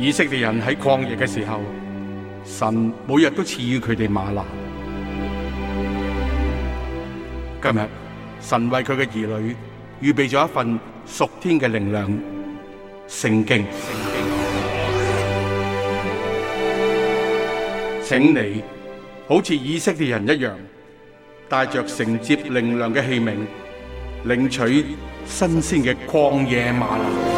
以色列人喺曠野嘅時候，神每日都賜予佢哋嗎哪。今日神為佢嘅兒女預備咗一份屬天嘅靈糧，聖經，請你好似以色列人一樣，帶着承接靈糧嘅器皿，領取新鮮嘅曠野嗎哪。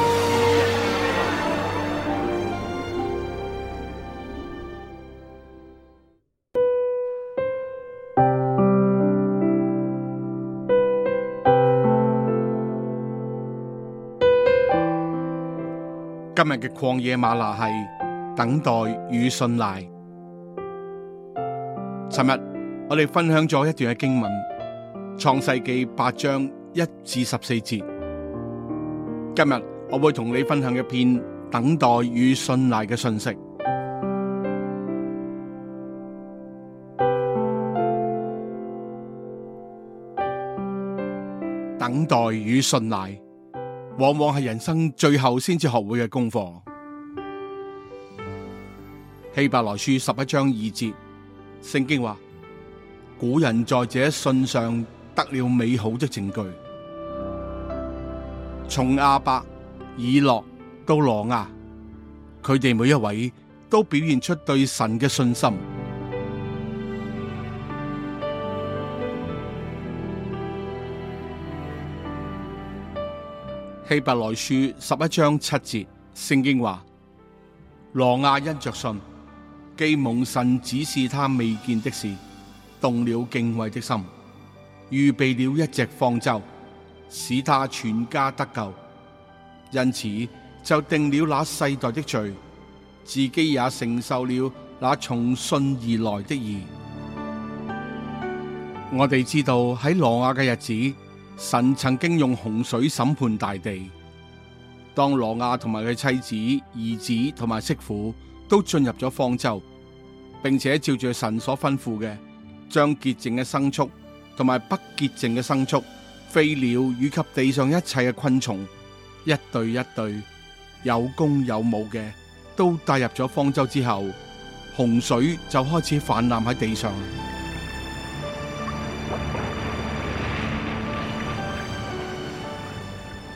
今日嘅曠野嗎哪係等待與信賴。尋日我哋分享咗一段嘅經文，《創世紀》八章一至十四節。今日我會同你分享一篇等待與信賴嘅信息。等待與信賴。往往係人生最後先至學會嘅功課。希伯來書十一章二節，聖經話：古人在這信上得了美好的證據，從亞伯、以諾到挪亞，佢哋每一位都表現出對神嘅信心。希伯來書十一章七節，聖經話：挪亞因着信，既蒙神指示他未見的事，動了敬畏的心，預備了一隻方舟，使他全家得救，因此就定了那世代的罪，自己也承受了那從信而來的義。我哋知道喺挪亞嘅日子。神曾經用洪水審判大地，當挪亞同埋佢妻子、兒子同埋媳婦都進入咗方舟，並且照住神所吩咐嘅，將潔淨嘅牲畜同埋不潔淨嘅牲畜、飛鳥與及地上一切嘅昆蟲，一對一對，有公有母嘅，都帶入咗方舟之後，洪水就開始泛濫喺地上。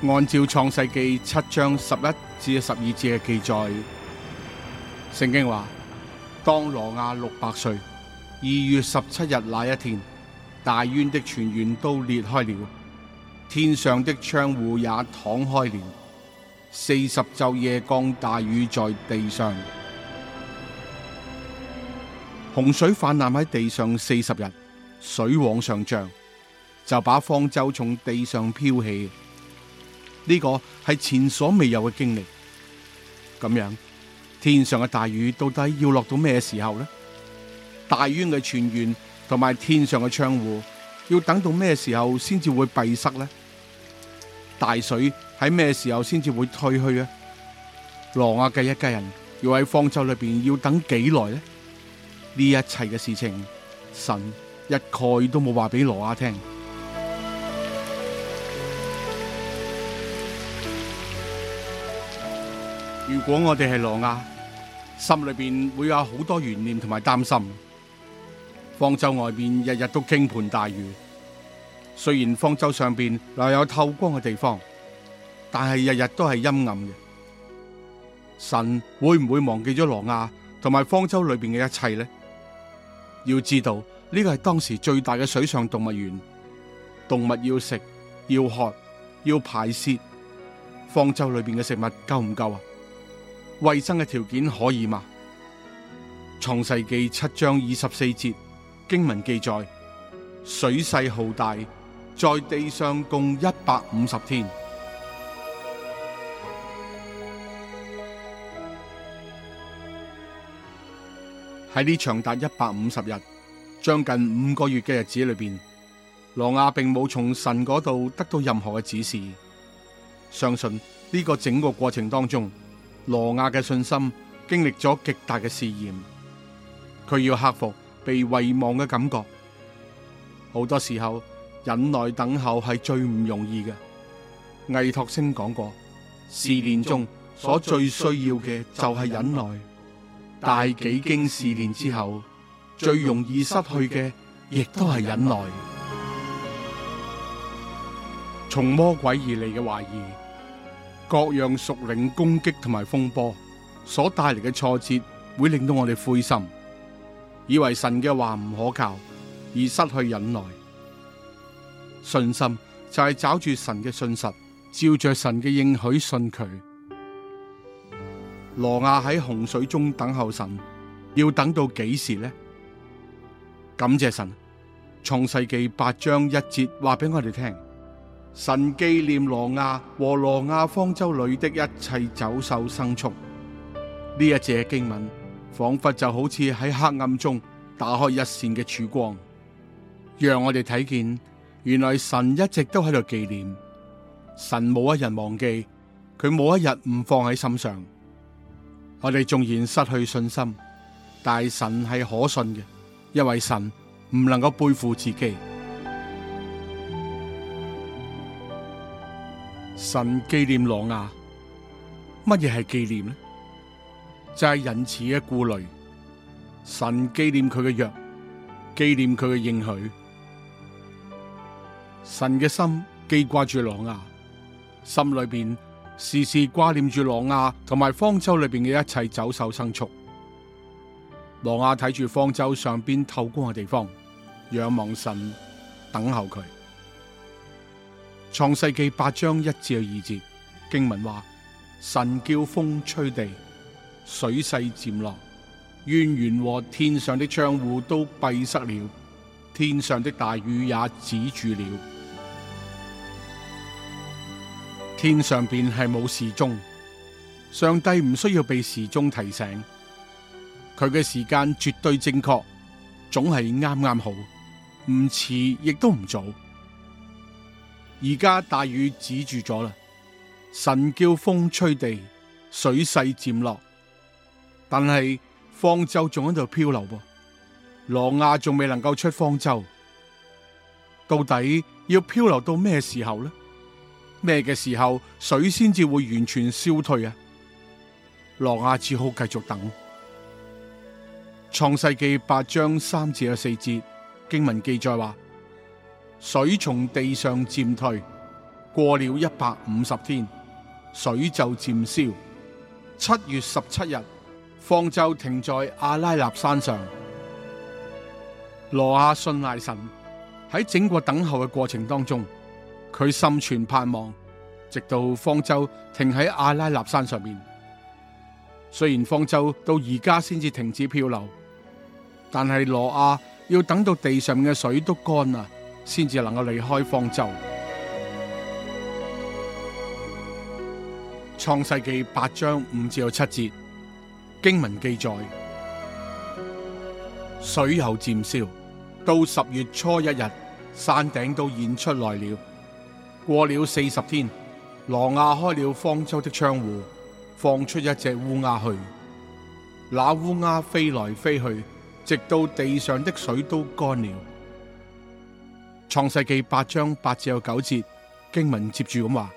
按照創世記七章十一至十二節嘅記載，聖經話：當挪亞六百歲二月十七日那一天，大淵的泉源都裂開了，天上的窗戶也敞開了，四十晝夜降大雨在地上，洪水泛濫喺地上四十日，水往上漲，就把方舟從地上飄起。呢個係前所未有嘅經歷，咁樣天上嘅大雨到底要落到咩時候呢？大淵嘅泉源同埋天上嘅窗戶要等到咩時候先至會閉塞呢？大水喺咩時候先至會退去啊？羅亞嘅一家人要喺方舟裏邊要等幾耐呢？呢一切嘅事情，神一概都冇話俾羅亞聽。如果我哋係挪亞，心裏邊會有好多懸念同埋擔心。方舟外邊日日都傾盆大雨，雖然方舟上邊留有透光嘅地方，但係日日都係陰暗嘅。神會唔會忘記咗挪亞同埋方舟裏邊嘅一切呢？要知道呢個係當時最大嘅水上動物園，動物要食要喝要排泄，方舟裏邊嘅食物夠唔夠啊？衛生嘅條件可以嗎？創世紀七章二十四節經文記載，水勢浩大，在地上共一百五十天。喺呢長達一百五十日，將近五個月嘅日子裏邊，挪亞並冇從神嗰度得到任何嘅指示。相信呢個整個過程當中。羅亞嘅信心經歷咗極大嘅試驗，佢要克服被遺忘嘅感覺。好多時候，忍耐等候係最唔容易嘅。魏拓星講過，試煉中所最需要嘅就係忍耐。但幾經試煉之後，最容易失去嘅亦都係忍耐。從魔鬼而嚟嘅懷疑。各樣屬靈攻擊同埋風波所帶嚟嘅挫折，會令到我哋灰心，以為神嘅話唔可靠，而失去忍耐。信心就係找住神嘅信實，照着神嘅應許信佢。挪亞喺洪水中等候神，要等到幾時呢？感謝神，創世紀八章一節話俾我哋聽。神紀念挪亞和挪亞方舟裏的一切走獸、牲畜。呢一節經文仿佛就好似喺黑暗中打開一線嘅曙光，讓我哋睇見原來神一直都喺度紀念，神冇一日忘記，佢冇一日唔放喺心上。我哋縱然失去信心，但係神係可信嘅，因為神唔能夠背負自己。神紀念挪亞，乜嘢係紀念呢？就係、是、仁慈嘅顧慮。神紀念佢嘅約，紀念佢嘅應許。神嘅心記掛住挪亞，心裏邊時時掛念住挪亞同埋方舟裏邊嘅一切走獸牲畜。挪亞睇住方舟上邊透光嘅地方，仰望神，等候佢。創世紀八章一至二節經文話：神叫風吹地，水勢漸落，淵源和天上的窗戶都閉塞了，天上的大雨也止住了。天上便係冇時鐘，上帝唔需要被時鐘提醒，佢嘅時間絕對正確，總係啱啱好，唔遲亦都唔早。而家大雨止住咗啦，神叫風吹地，水勢漸落，但係方舟仲喺度漂流喎，羅亞仲未能夠出方舟，到底要漂流到咩時候呢？咩嘅時候水先至會完全消退啊？羅亞只好繼續等。創世紀八章三至啊四節經文記載話。水從地上漸退，過了一百五十天，水就漸消。七月十七日，方舟停在亞拉臘山上。挪亞信賴神，喺整個等候嘅過程當中，佢心存盼望，直到方舟停喺亞拉臘山上面。雖然方舟到而家先至停止漂流，但係挪亞要等到地上面嘅水都乾了先至能夠離開方舟。創世紀八章五至到七節經文記載：水又漸消，到十月初一日，山頂都現出來了。過了四十天，挪亞開了方舟的窗戶，放出一隻烏鴉去。那烏鴉飛來飛去，直到地上的水都乾了。創世紀八章八至九節，經文接住咁話，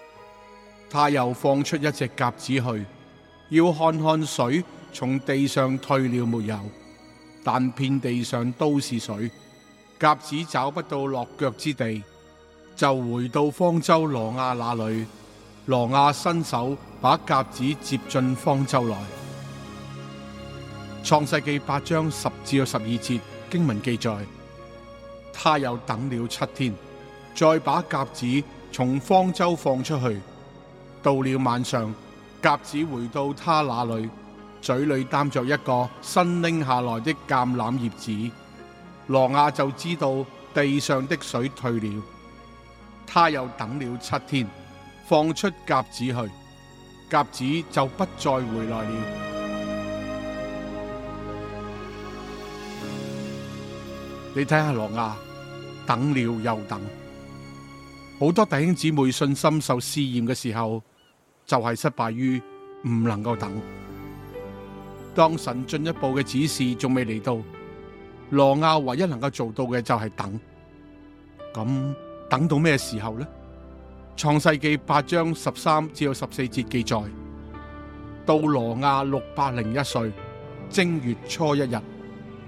他又放出一隻鴿子去，要看看水從地上退了沒有，但遍地上都是水，鴿子找不到落腳之地，就回到方舟挪亞那裏，挪亞伸手把鴿子接進方舟來。創世紀八章十至十二節經文記載。他又等了七天，再把鴿子從方舟放出去。到了晚上，鴿子回到他那裏，嘴裏擔着一個新拎下來的橄欖葉子。挪亞就知道地上的水退了。他又等了七天，放出鴿子去，鴿子就不再回來了。你睇下挪亞。等了又等，好多弟兄姊妹信心受試驗嘅時候，就係失敗於唔能夠等。當神進一步嘅指示仲未嚟到，挪亞唯一能夠做到嘅就係等。咁等到咩時候呢？創世紀八章十三至十四節記載，到挪亞六百零一歲正月初一日，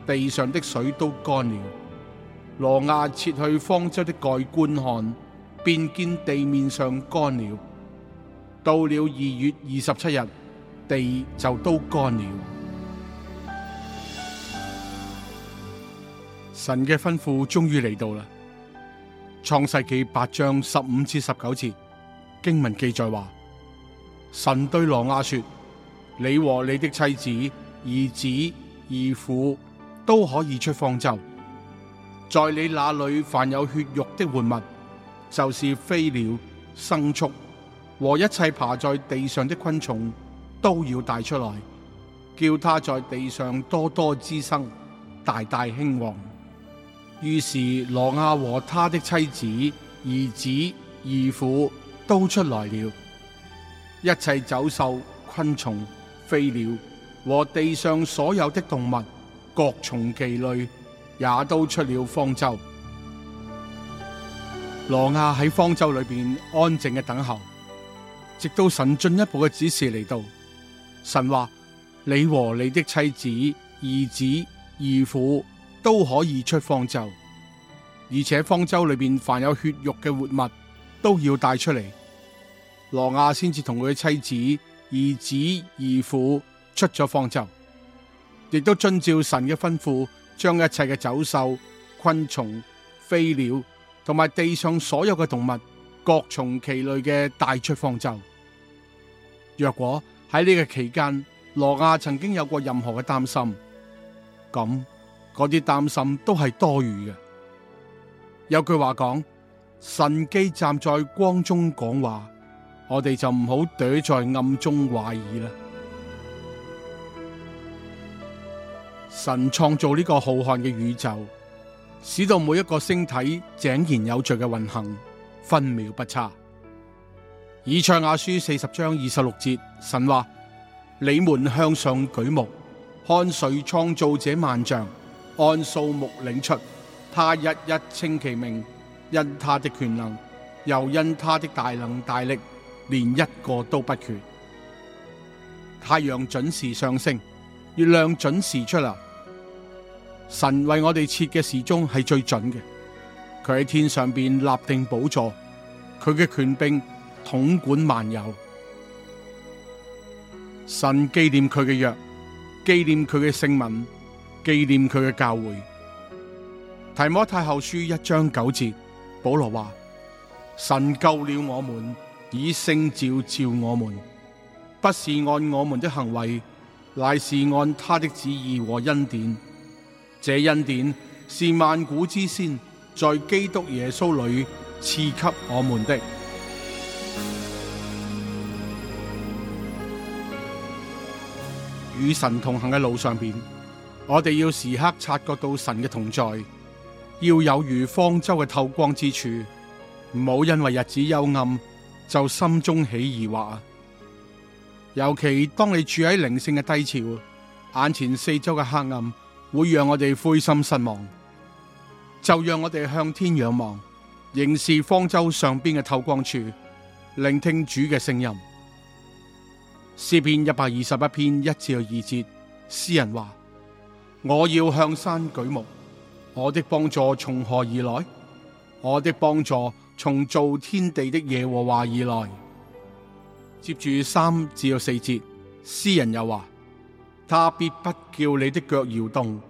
地上的水都乾了。挪亞撤去方舟的蓋觀看，便見地面上乾了。到了二月二十七日，地就都乾了。神嘅吩咐終於嚟到啦。創世紀八章十五至十九節經文記載話：神對挪亞說，你和你的妻子、兒子、兒婦都可以出方舟。在你那裏凡有血肉的活物，就是飛鳥、牲畜和一切爬在地上的昆蟲，都要帶出來，叫他在地上多多滋生，大大興旺。於是，挪亞和他的妻子、兒子、兒婦都出來了，一切走獸、昆蟲、飛鳥和地上所有的動物，各從其類。也都出了方舟。挪亞喺方舟裏邊安靜嘅等候，直到神進一步嘅指示嚟到。神話，你和你的妻子、兒子、兒婦都可以出方舟，而且方舟裏邊凡有血肉嘅活物都要帶出嚟。挪亞先至同佢嘅妻子、兒子、兒婦出咗方舟，亦都遵照神嘅吩咐，將一切嘅走獸、昆蟲、飛鳥同埋地上所有嘅動物，各從其類嘅帶出方舟。若果喺呢個期間，羅亞曾經有過任何嘅擔心，咁嗰啲擔心都係多餘嘅。有句話講：神機站在光中講話，我哋就唔好躲在暗中懷疑啦。神創造呢個浩瀚嘅宇宙，使到每一個星體井然有序嘅運行，分秒不差。以賽亞書四十章二十六節，神話：你們向上舉目，看誰創造這萬象，按數目領出，他一一稱其名，因他的權能，又因他的大能大力，連一個都不缺。太陽準時上升。月亮準時出嚟，神為我哋設嘅時鐘係最準嘅，佢喺天上邊立定寶座，佢嘅權柄統管萬有。神紀念佢嘅約，紀念佢嘅聖文，紀念佢嘅教會。提摩太後書一章九節，保羅話：神救了我們，以聖召召我們，不是按我們的行為。乃是按他的旨意和恩典，這恩典是萬古之先，在基督耶穌裏賜給我們的。與神同行嘅路上邊，我哋要時刻察覺到神嘅同在，要有如方舟嘅透光之處，唔好因為日子幽暗就心中起疑惑。尤其當你住喺靈性嘅低潮，眼前四周嘅黑暗會讓我哋灰心失望。就讓我哋向天仰望，凝視方舟上邊嘅透光處，聆聽主嘅聲音。詩篇一百二十一篇一至二節，詩人話：我要向山舉目，我的幫助從何而來？我的幫助從造天地的耶和華而來。接住三至有四節，詩人又話：他必不叫你的腳搖動，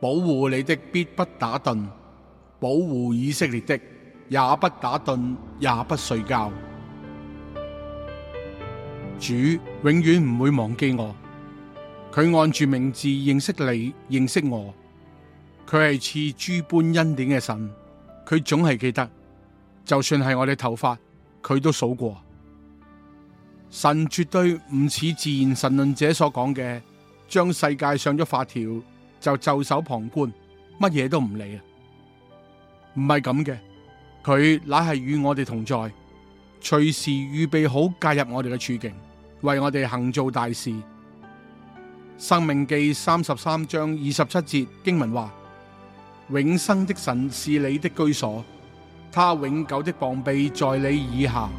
保護你的必不打盹，保護以色列的也不打盹，也不睡覺。主永遠唔會忘記我，佢按住名字認識你，認識我。佢係賜諸般恩典嘅神，佢總係記得，就算係我哋頭髮，佢都數過。神絕對唔似自然神論者所講嘅，將世界上咗發條就袖手旁觀，乜嘢都唔理啊！唔係咁嘅，佢乃係與我哋同在，隨時預備好介入我哋嘅處境，為我哋行做大事。申命記三十三章二十七節經文話：永生的神是你的居所，他永久的膀臂在你以下。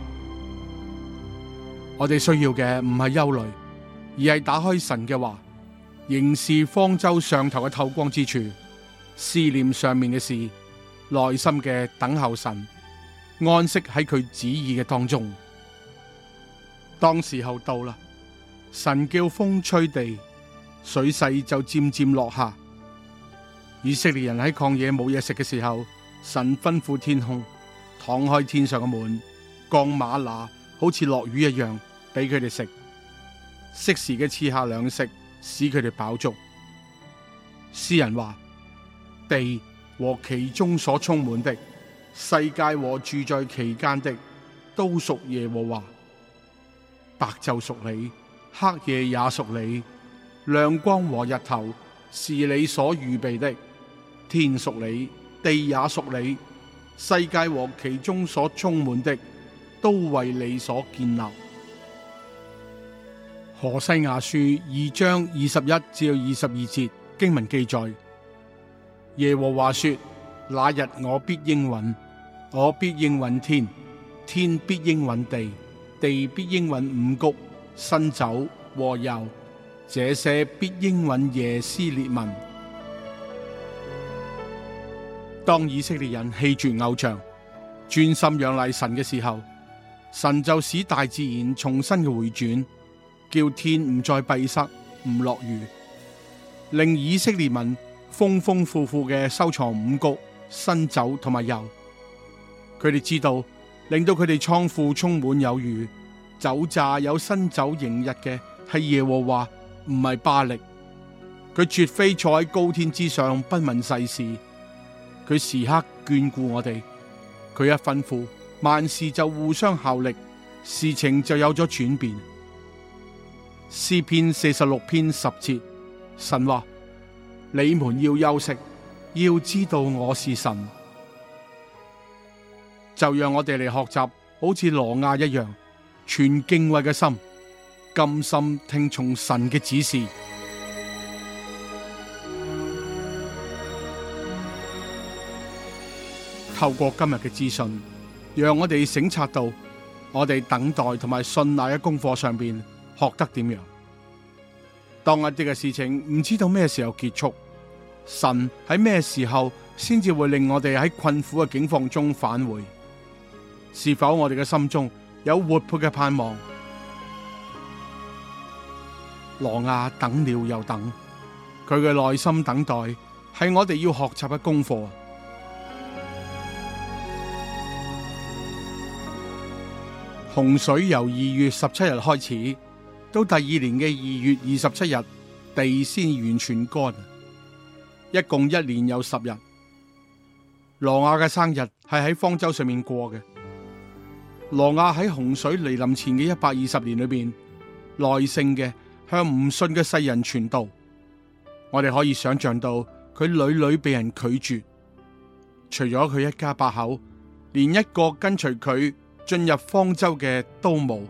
我哋需要嘅唔係憂慮，而係打開神嘅話，凝視方舟上頭嘅透光之處，思念上面嘅事，耐心嘅等候神，安息喺佢旨意嘅當中。當時候到啦，神叫風吹地，水勢就漸漸落下。以色列人喺曠野冇嘢食嘅時候，神吩咐天空，敞開天上嘅門，降嗎哪，好似落雨一樣，俾佢哋食。適時嘅賜下糧食，使佢哋飽足。詩人話：地和其中所充滿的，世界和住在其間的，都屬耶和華。白晝屬你，黑夜也屬你。亮光和日頭是你所預備的。天屬你，地也屬你。世界和其中所充滿的。都為你所建立。何西阿書二章二十一至二十二節經文記載：耶和華說，那日我必應允，我必應允天，天必應允地，地必應允五穀、新酒和油，這些必應允耶斯列民。當以色列人棄絕偶像、專心仰賴神嘅時候，神就使大自然重新嘅回轉，叫天唔再閉塞，唔落雨，令以色列民豐豐富富嘅收藏五穀、新酒同埋油。佢哋知道，令到佢哋倉庫充滿有餘、酒榨有新酒盈溢嘅係耶和華，唔係巴力。佢絕非坐喺高天之上不問世事，佢時刻眷顧我哋，佢一吩咐。萬事就互相效力，事情就有咗轉變。詩篇四十六篇十節，神話，你們要休息，要知道我是神。就讓我哋嚟學習，好似挪亞一樣，全敬畏嘅心，甘心聽從神嘅指示。透過今日嘅資訊。讓我哋省察到，我哋等待同埋信賴嘅功課上邊學得點樣？當我哋嘅事情唔知道咩時候結束，神喺咩時候先至會令我哋喺困苦嘅境況中返回？是否我哋嘅心中有活潑嘅盼望？挪亞等了又等，佢嘅耐心等待係我哋要學習嘅功課。洪水由二月十七日開始，到第二年嘅二月二十七日，地先完全乾，一共一年有十日。挪亞嘅生日係喺方舟上面過嘅。挪亞喺洪水來臨前嘅一百二十年裡邊，耐性嘅向唔信嘅世人傳道。我哋可以想象到佢屢屢被人拒絕，除咗佢一家八口，連一個跟隨佢。進入方舟嘅都冇。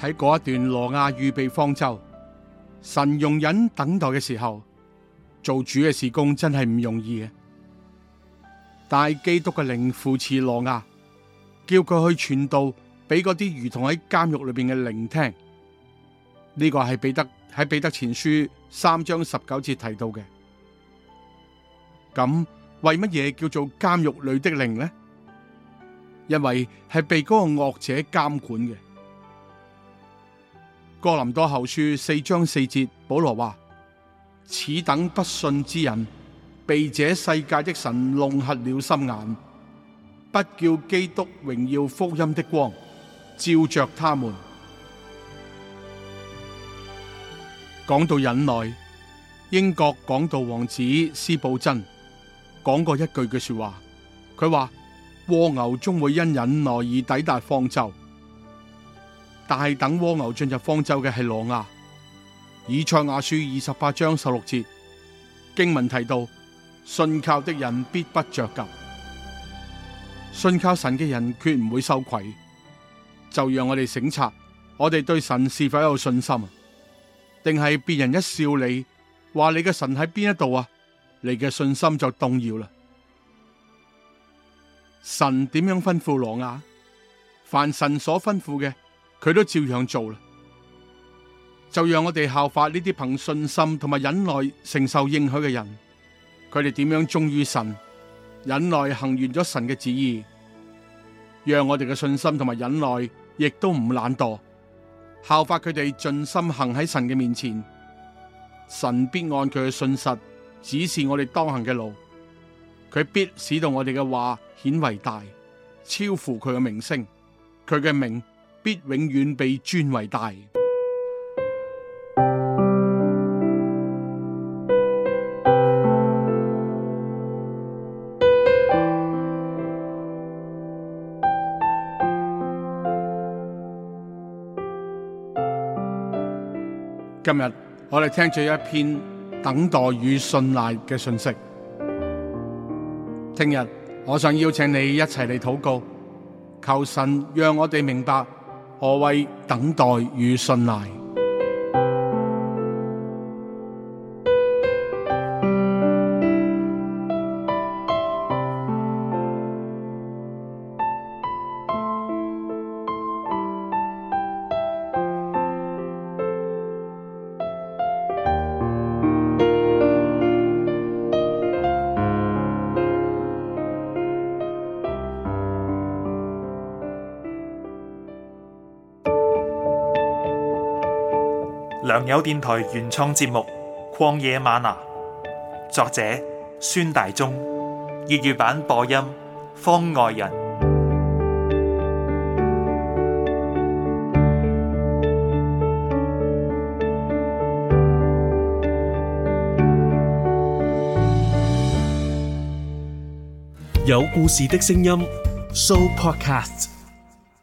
喺嗰一段羅亞預備方舟，神容忍等待嘅時候，做主嘅事工真係唔容易嘅。但基督嘅靈扶持羅亞，叫佢去傳道俾嗰啲如同喺監獄裏邊嘅靈聽。呢、這個係彼得喺彼得前書三章十九節提到嘅。咁為乜嘢叫做監獄裏的靈呢？因為係被嗰個惡者監管嘅。哥林多後書四章四節，保羅話：此等不信之人，被這世界的神弄瞎了心眼，不叫基督榮耀福音的光照着他們。講到忍耐，英國講道王子司布真。講過一句嘅說話，佢話蝸牛終會因忍耐而抵達方舟，但係等蝸牛進入方舟嘅係挪亞。以賽亞書二十八章十六節經文提到：信靠的人必不着急，信靠神嘅人決唔會羞愧。就讓我哋省察，我哋對神是否有信心啊？定係別人一笑你，話你嘅神喺邊一度啊？你嘅信心就動搖啦。神點樣吩咐挪亞，凡神所吩咐嘅，佢都照樣做啦。就讓我哋效法呢啲憑信心同埋忍耐承受應許嘅人，佢哋點樣忠於神，忍耐行完咗神嘅旨意，讓我哋嘅信心同埋忍耐，亦都唔懶惰，效法佢哋盡心行喺神嘅面前，神必按佢嘅信實。指示我哋當行嘅路，佢必使到我哋嘅話顯為大，超乎佢嘅名聲，佢嘅名必永遠被尊為大。今日我哋聽咗一篇。等待與信賴嘅信息。聽日，我想邀請你一齊嚟禱告，求神讓我哋明白何謂等待與信賴。良友電台原創節目《曠野嗎哪》，作者孫大中，粵語版播音方外人，有故事的聲音，Show Podcast。